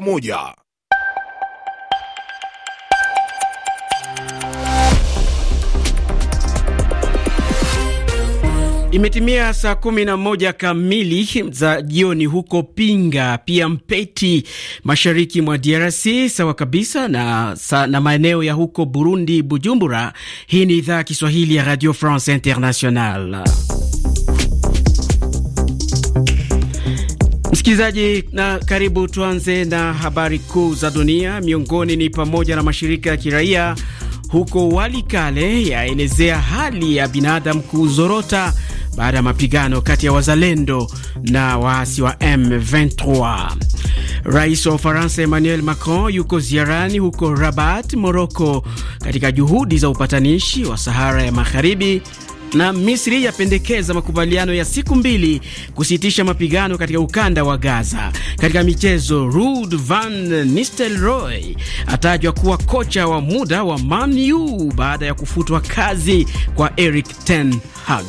kwa moja. Imetimia saa kumi na moja kamili za jioni huko Pinga, pia Mpeti, mashariki mwa DRC, sawa kabisa na, sa, na maeneo ya huko Burundi, Bujumbura. Hii ni idhaa ya Kiswahili ya Radio France International. Msikilizaji na karibu, tuanze na habari kuu za dunia. Miongoni ni pamoja na mashirika ya kiraia huko Walikale yaelezea hali ya binadamu kuzorota baada ya mapigano kati ya wazalendo na waasi wa M23. Rais wa Ufaransa Emmanuel Macron yuko ziarani huko Rabat, Moroko, katika juhudi za upatanishi wa Sahara ya Magharibi na Misri yapendekeza makubaliano ya siku mbili kusitisha mapigano katika ukanda wa Gaza. Katika michezo, Ruud van Nistelrooy atajwa kuwa kocha wa muda wa Man U baada ya kufutwa kazi kwa Erik ten Hag.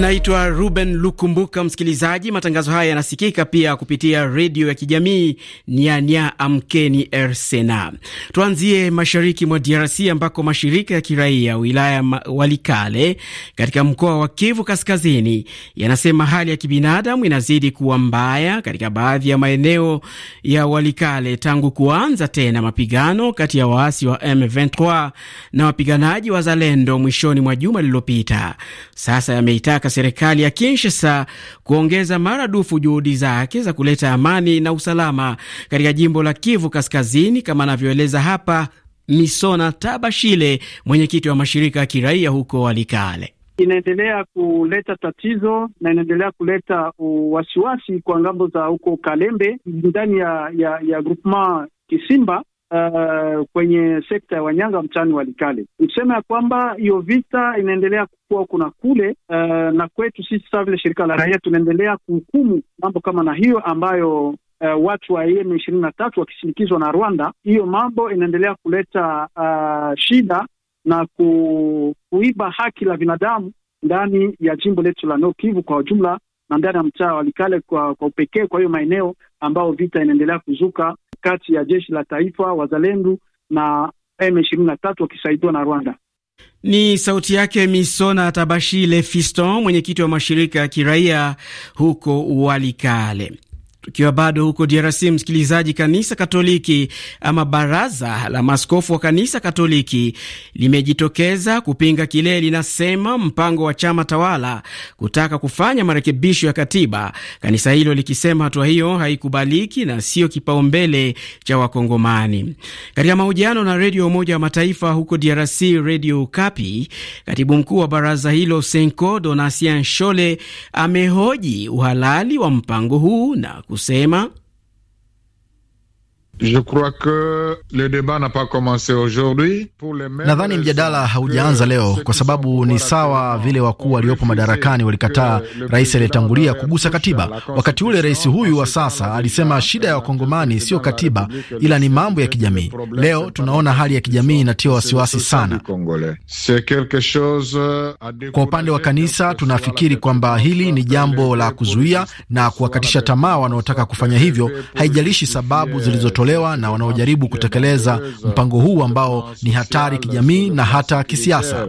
Naitwa Ruben Lukumbuka, msikilizaji. Matangazo haya yanasikika pia kupitia redio ya kijamii Niania Amkeni Ersena. Tuanzie mashariki mwa DRC ambako mashirika ya kiraia wilaya Walikale katika mkoa wa Kivu Kaskazini yanasema hali ya kibinadamu inazidi kuwa mbaya katika baadhi ya maeneo ya Walikale tangu kuanza tena mapigano kati ya waasi wa M23 na wapiganaji wa Zalendo mwishoni mwa juma lililopita. Sasa yameitaka kuitaka serikali ya Kinshasa kuongeza maradufu juhudi zake za kuleta amani na usalama katika jimbo la Kivu Kaskazini, kama anavyoeleza hapa Misona Tabashile, mwenyekiti wa mashirika ya kiraia huko Walikale. Inaendelea kuleta tatizo na inaendelea kuleta wasiwasi kwa ngambo za huko Kalembe ndani ya ya, ya groupement Kisimba uh, kwenye sekta ya wanyanga mtaani Walikale. Nikusema ya kwamba hiyo vita inaendelea kukua kuna kule, uh, na kwetu sisi saa vile shirika la raia tunaendelea kuhukumu mambo kama na hiyo ambayo Uh, watu wa m ishirini na tatu wakisindikizwa na Rwanda, hiyo mambo inaendelea kuleta uh, shida na ku, kuiba haki la binadamu ndani ya jimbo letu la Nord Kivu kwa ujumla na ndani ya mtaa wa Walikale kwa, kwa upekee. Kwa hiyo maeneo ambayo vita inaendelea kuzuka kati ya jeshi la taifa wazalendo na M23 wakisaidiwa na Rwanda. Ni sauti yake Misona Tabashi Lefiston, mwenyekiti wa mashirika ya kiraia huko Walikale. Tukiwa bado huko DRC, msikilizaji, kanisa Katoliki ama baraza la maskofu wa kanisa Katoliki limejitokeza kupinga kile linasema mpango wa chama tawala kutaka kufanya marekebisho ya katiba, kanisa hilo likisema hatua hiyo haikubaliki na sio kipaumbele cha Wakongomani. Katika mahojiano na redio Umoja wa Mataifa huko DRC, redio Kapi, katibu mkuu wa baraza hilo Senko Donasian Shole amehoji uhalali wa mpango huu na kusema Je crois que le n'a pas aujourd'hui. Nadhani mjadala euh, haujaanza leo, kwa sababu ni sawa vile wakuu waliopo madarakani walikataa rais aliyetangulia kugusa katiba. Wakati ule rais huyu wa sasa alisema shida ya wakongomani sio katiba, ila ni mambo ya kijamii. Leo tunaona hali ya kijamii inatia wasiwasi sana. Euh, kwa upande wa kanisa, tunafikiri kwamba hili ni jambo la kuzuia na kuwakatisha tamaa wanaotaka kufanya hivyo, haijalishi sababu zilizotolewa wanaoelewa na wanaojaribu kutekeleza mpango huu ambao ni hatari kijamii na hata kisiasa.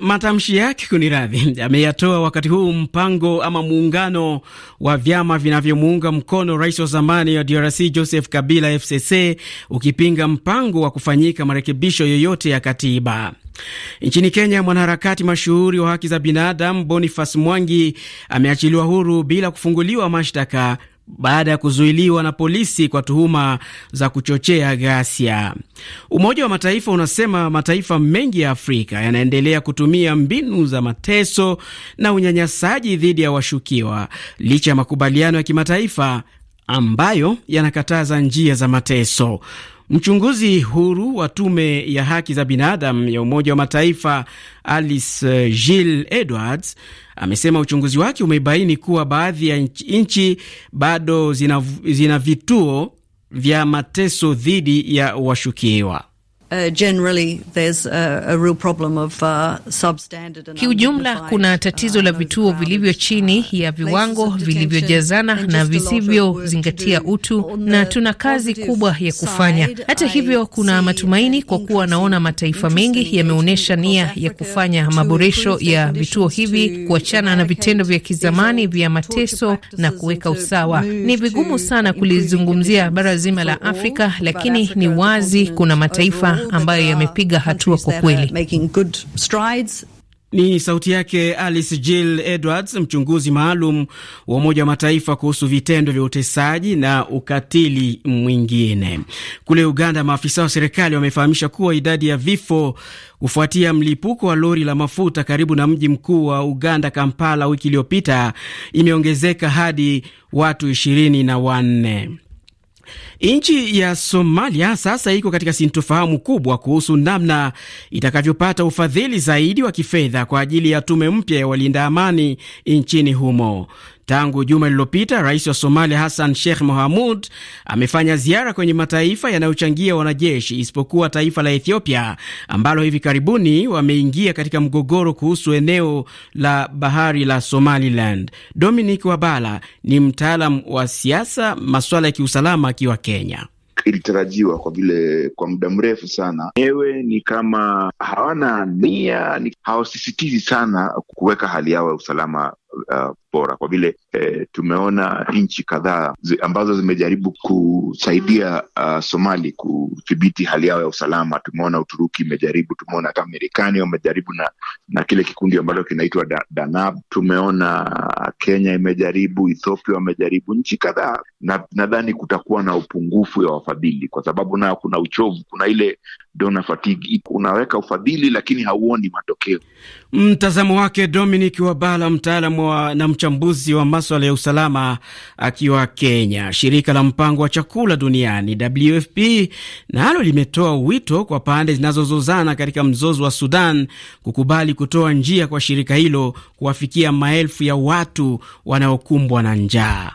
Matamshi yake kuniradhi, ameyatoa wakati huu mpango ama muungano wa vyama vinavyomuunga mkono rais wa zamani wa DRC Joseph Kabila, FCC, ukipinga mpango wa kufanyika marekebisho yoyote ya katiba. Nchini Kenya, mwanaharakati mashuhuri wa haki za binadamu Boniface Mwangi ameachiliwa huru bila kufunguliwa mashtaka baada ya kuzuiliwa na polisi kwa tuhuma za kuchochea ghasia. Umoja wa Mataifa unasema mataifa mengi ya Afrika yanaendelea kutumia mbinu za mateso na unyanyasaji dhidi ya washukiwa licha ya makubaliano ya kimataifa ambayo yanakataza njia za mateso. Mchunguzi huru wa tume ya haki za binadamu ya Umoja wa Mataifa Alice uh, Jill Edwards amesema uchunguzi wake umebaini kuwa baadhi ya nchi bado zina, zina vituo vya mateso dhidi ya washukiwa. Uh, uh, Kiujumla, kuna uh, tatizo la vituo vilivyo chini ya viwango vilivyojazana na visivyozingatia utu, na tuna kazi kubwa ya kufanya. Hata hivyo, kuna matumaini kwa kuwa naona mataifa mengi yameonyesha nia ya kufanya maboresho ya vituo hivi, kuachana na vitendo vya kizamani vya mateso na kuweka usawa. Ni vigumu sana kulizungumzia bara zima la Afrika, lakini ni wazi kuna mataifa ambayo yamepiga hatua kwa kweli. Uh, Ni sauti yake Alice Jill Edwards, mchunguzi maalum wa Umoja wa Mataifa kuhusu vitendo vya utesaji na ukatili mwingine. Kule Uganda, maafisa wa serikali wamefahamisha kuwa idadi ya vifo kufuatia mlipuko wa lori la mafuta karibu na mji mkuu wa Uganda, Kampala, wiki iliyopita imeongezeka hadi watu ishirini na wanne. Nchi ya Somalia sasa iko katika sintofahamu kubwa kuhusu namna itakavyopata ufadhili zaidi wa kifedha kwa ajili ya tume mpya ya walinda amani nchini humo. Tangu juma lililopita, rais wa Somalia Hassan Sheikh Mohamud amefanya ziara kwenye mataifa yanayochangia wanajeshi isipokuwa taifa la Ethiopia ambalo hivi karibuni wameingia katika mgogoro kuhusu eneo la bahari la Somaliland. Dominic Wabala ni mtaalam wa siasa, masuala ya kiusalama akiwa Kenya. Ilitarajiwa kwa vile kwa muda mrefu sana wenyewe ni kama hawana nia, hawasisitizi sana kuweka hali yao ya usalama uh, bora kwa vile eh, tumeona nchi kadhaa zi, ambazo zimejaribu kusaidia uh, Somali kudhibiti hali yao ya usalama. Tumeona Uturuki imejaribu, tumeona hata Marekani wamejaribu na, na kile kikundi ambacho kinaitwa da, Danab. Tumeona Kenya imejaribu, Ethiopia wamejaribu, nchi kadhaa. Nadhani na kutakuwa na upungufu ya wafadhili, kwa sababu nao kuna uchovu, kuna ile donor fatigue. Unaweka ufadhili lakini hauoni matokeo. Mtazamo wake Dominic Wabala, mtaalamu na mchambuzi wa maswala ya usalama akiwa Kenya. Shirika la mpango wa chakula duniani WFP nalo limetoa wito kwa pande zinazozozana katika mzozo wa Sudan kukubali kutoa njia kwa shirika hilo kuwafikia maelfu ya watu wanaokumbwa na njaa.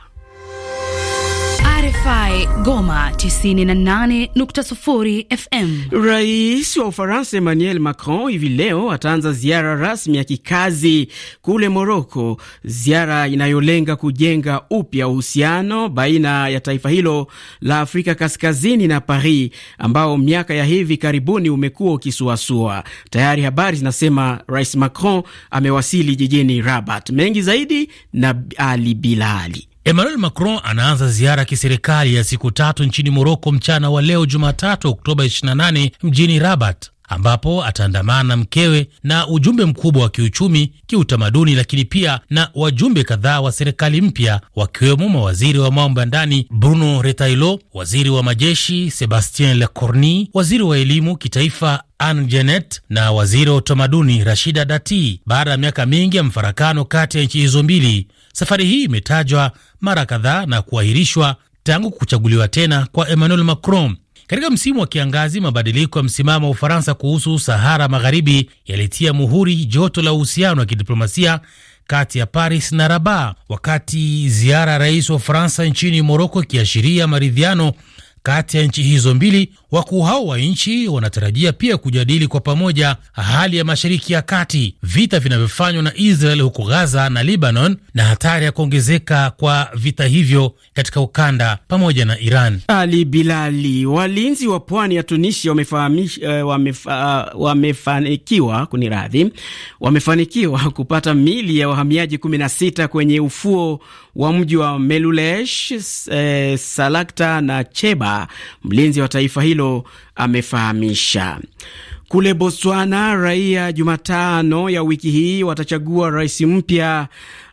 RFI Goma 98.0 FM. Rais wa Ufaransa Emmanuel Macron hivi leo ataanza ziara rasmi ya kikazi kule Moroko, ziara inayolenga kujenga upya uhusiano baina ya taifa hilo la Afrika Kaskazini na Paris ambao miaka ya hivi karibuni umekuwa ukisuasua. Tayari habari zinasema Rais Macron amewasili jijini Rabat. Mengi zaidi na Ali Bilali. Emmanuel Macron anaanza ziara ya kiserikali ya siku tatu nchini Moroko mchana wa leo Jumatatu, Oktoba 28 mjini Rabat ambapo ataandamana mkewe na ujumbe mkubwa wa kiuchumi, kiutamaduni, lakini pia na wajumbe kadhaa wa serikali mpya wakiwemo mawaziri wa mambo ya ndani Bruno Retailo, waziri wa majeshi Sebastien Lecornu, waziri wa elimu kitaifa Anne Jenet na waziri wa utamaduni Rashida Dati. Baada ya miaka mingi ya mfarakano kati ya nchi hizo mbili, safari hii imetajwa mara kadhaa na kuahirishwa tangu kuchaguliwa tena kwa Emmanuel Macron. Katika msimu wa kiangazi, mabadiliko ya msimamo wa Ufaransa kuhusu Sahara Magharibi yalitia muhuri joto la uhusiano wa kidiplomasia kati ya Paris na Rabat, wakati ziara ya rais wa Ufaransa nchini Moroko ikiashiria maridhiano kati ya nchi hizo mbili, Wakuu hao wa nchi wanatarajia pia kujadili kwa pamoja hali ya Mashariki ya Kati, vita vinavyofanywa na Israel huko Gaza na Lebanon, na hatari ya kuongezeka kwa vita hivyo katika ukanda pamoja na Iran. Ali Bilali, walinzi wa pwani ya Tunisia wamefanikiwa eh, wamefa, ah, wamefanikiwa kuni radhi, wamefanikiwa kupata mili ya wahamiaji 16 kwenye ufuo wa mji wa Melulesh, eh, Salakta na Cheba. Mlinzi wa taifa hilo hilo amefahamisha. Kule Botswana, raia Jumatano ya wiki hii watachagua rais mpya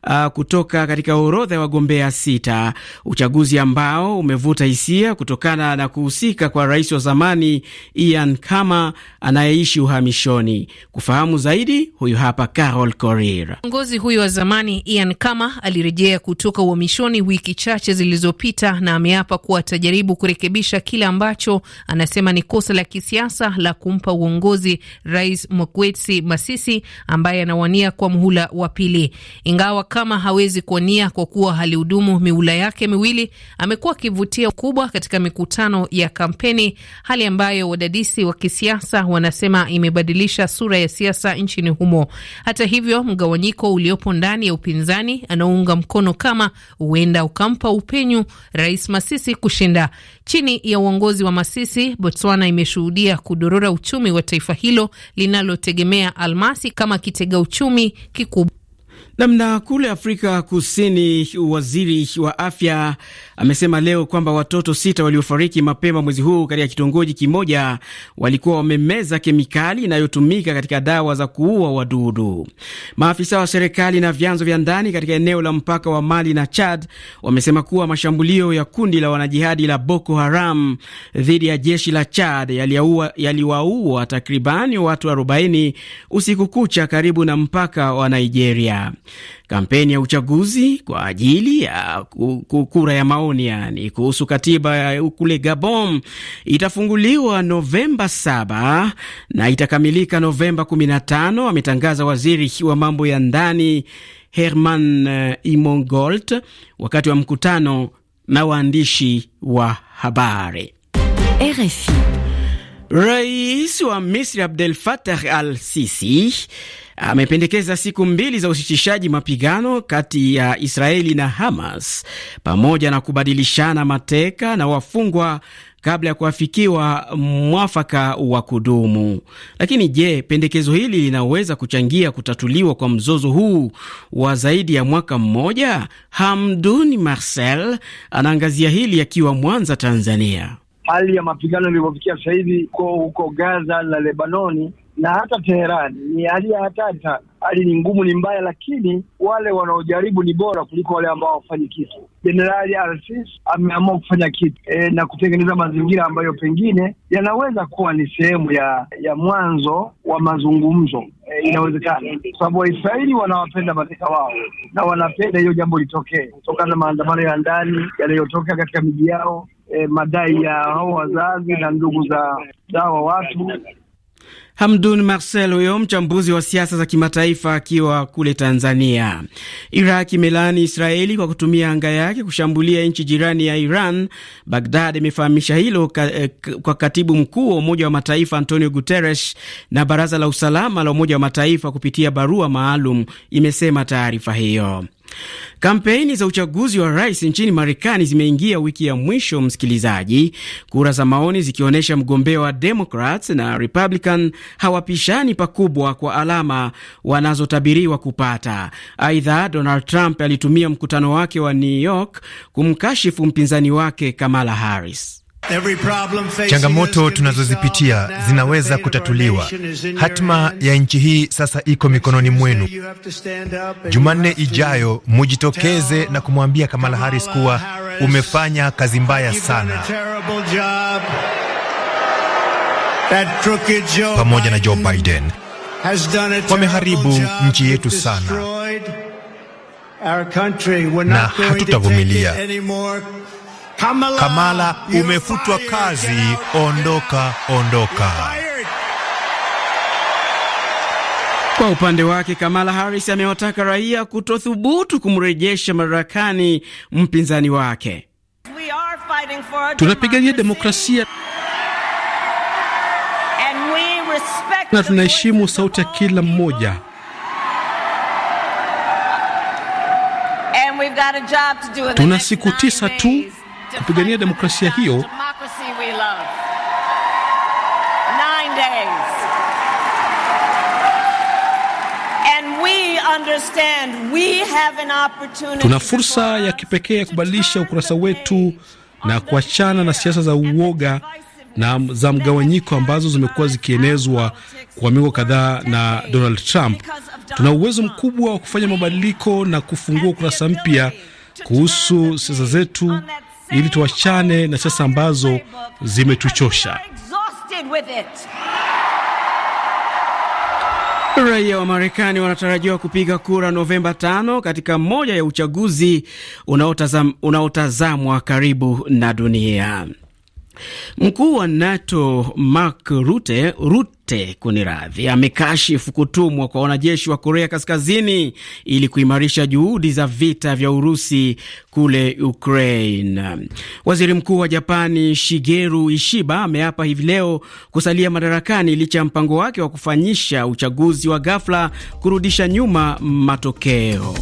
uh, kutoka katika orodha ya wagombea sita, uchaguzi ambao umevuta hisia kutokana na kuhusika kwa rais wa zamani Ian kama anayeishi uhamishoni. Kufahamu zaidi, huyu hapa Carol Korir. Kiongozi huyu wa zamani Ian kama alirejea kutoka uhamishoni wiki chache zilizopita na ameapa kuwa atajaribu kurekebisha kile ambacho anasema ni kosa la kisiasa la kumpa uongozi rais mokwetsi Masisi ambaye anawania kwa mhula wa pili, ingawa kama hawezi kuania kwa kuwa halihudumu miula yake miwili, amekuwa akivutia kubwa katika mikutano ya kampeni, hali ambayo wadadisi wa kisiasa wanasema imebadilisha sura ya siasa nchini humo. Hata hivyo, mgawanyiko uliopo ndani ya upinzani anaounga mkono kama huenda ukampa upenyu Rais Masisi kushinda. Chini ya uongozi wa Masisi, Botswana imeshuhudia kudorora uchumi wa taifa hilo linalotegemea almasi kama kitega uchumi kikubwa. Namna kule Afrika Kusini, waziri wa afya amesema leo kwamba watoto sita waliofariki mapema mwezi huu katika kitongoji kimoja walikuwa wamemeza kemikali inayotumika katika dawa za kuua wadudu. Maafisa wa serikali na vyanzo vya ndani katika eneo la mpaka wa Mali na Chad wamesema kuwa mashambulio ya kundi la wanajihadi la Boko Haram dhidi ya jeshi la Chad yaliwaua takribani watu 40 usiku kucha karibu na mpaka wa Nigeria. Kampeni ya uchaguzi kwa ajili ya kura ya maoni, yani kuhusu katiba ya kule Gabon itafunguliwa Novemba 7 na itakamilika Novemba 15, ametangaza waziri wa mambo ya ndani Herman eh, Imongolt wakati wa mkutano na waandishi wa habari RFI. Rais wa Misri Abdel Fattah Al Sisi amependekeza siku mbili za usitishaji mapigano kati ya Israeli na Hamas pamoja na kubadilishana mateka na wafungwa kabla ya kuafikiwa mwafaka wa kudumu. Lakini je, pendekezo hili linaweza kuchangia kutatuliwa kwa mzozo huu wa zaidi ya mwaka mmoja? Hamduni Marcel anaangazia hili akiwa Mwanza, Tanzania hali ya mapigano ilivyofikia sasa hivi ko huko Gaza na Lebanoni na hata Teherani ni hali ya hatari sana. Hali ni ngumu, ni mbaya, lakini wale wanaojaribu ni bora kuliko wale ambao hawafanyi kitu. Jenerali Al-Sisi ameamua kufanya kitu e, na kutengeneza mazingira ambayo pengine yanaweza kuwa ni sehemu ya, ya mwanzo wa mazungumzo. Eh, inawezekana, kwa sababu Waisraeli wanawapenda mateka wao na wanapenda hilo jambo litokee kutokana na maandamano ya ndani yanayotokea katika miji yao, eh, madai ya hao wazazi na ndugu za zao watu Hamdun Marcel huyo mchambuzi wa siasa za kimataifa akiwa kule Tanzania. Iraq imelaani Israeli kwa kutumia anga yake kushambulia nchi jirani ya Iran. Bagdad imefahamisha hilo ka, eh, kwa katibu mkuu wa Umoja wa Mataifa Antonio Guterres na Baraza la Usalama la Umoja wa Mataifa kupitia barua maalum, imesema taarifa hiyo. Kampeni za uchaguzi wa rais nchini Marekani zimeingia wiki ya mwisho, msikilizaji, kura za maoni zikionyesha mgombea wa Democrats na Republican hawapishani pakubwa kwa alama wanazotabiriwa kupata. Aidha, Donald Trump alitumia mkutano wake wa New York kumkashifu mpinzani wake Kamala Harris. Changamoto tunazozipitia zinaweza kutatuliwa. Hatima ya nchi hii sasa iko mikononi mwenu. Jumanne ijayo mujitokeze na kumwambia Kamala Harris kuwa umefanya kazi mbaya sana, pamoja na Joe Biden wameharibu nchi yetu sana, na hatutavumilia. Kamala, Kamala umefutwa kazi, ondoka, ondoka. Kwa upande wake Kamala Harris amewataka raia kutothubutu kumrejesha madarakani mpinzani wake. Tunapigania demokrasia na tunaheshimu sauti ya kila mmoja. Tuna siku tisa tu kupigania demokrasia hiyo tuna fursa ya kipekee ya kubadilisha ukurasa wetu na kuachana na siasa za uoga na za mgawanyiko ambazo zimekuwa zikienezwa kwa miongo kadhaa na Donald Trump. Tuna uwezo mkubwa wa kufanya mabadiliko na kufungua ukurasa mpya kuhusu siasa zetu ili tuachane na siasa ambazo zimetuchosha. Raia wa Marekani wanatarajiwa kupiga kura Novemba tano katika moja ya uchaguzi unaotazamwa karibu na dunia. Mkuu wa NATO Mark Rutte, Rutte kuniradhi, amekashifu kutumwa kwa wanajeshi wa Korea Kaskazini ili kuimarisha juhudi za vita vya Urusi kule Ukraine. Waziri Mkuu wa Japani Shigeru Ishiba ameapa hivi leo kusalia madarakani licha ya mpango wake wa kufanyisha uchaguzi wa ghafla kurudisha nyuma matokeo.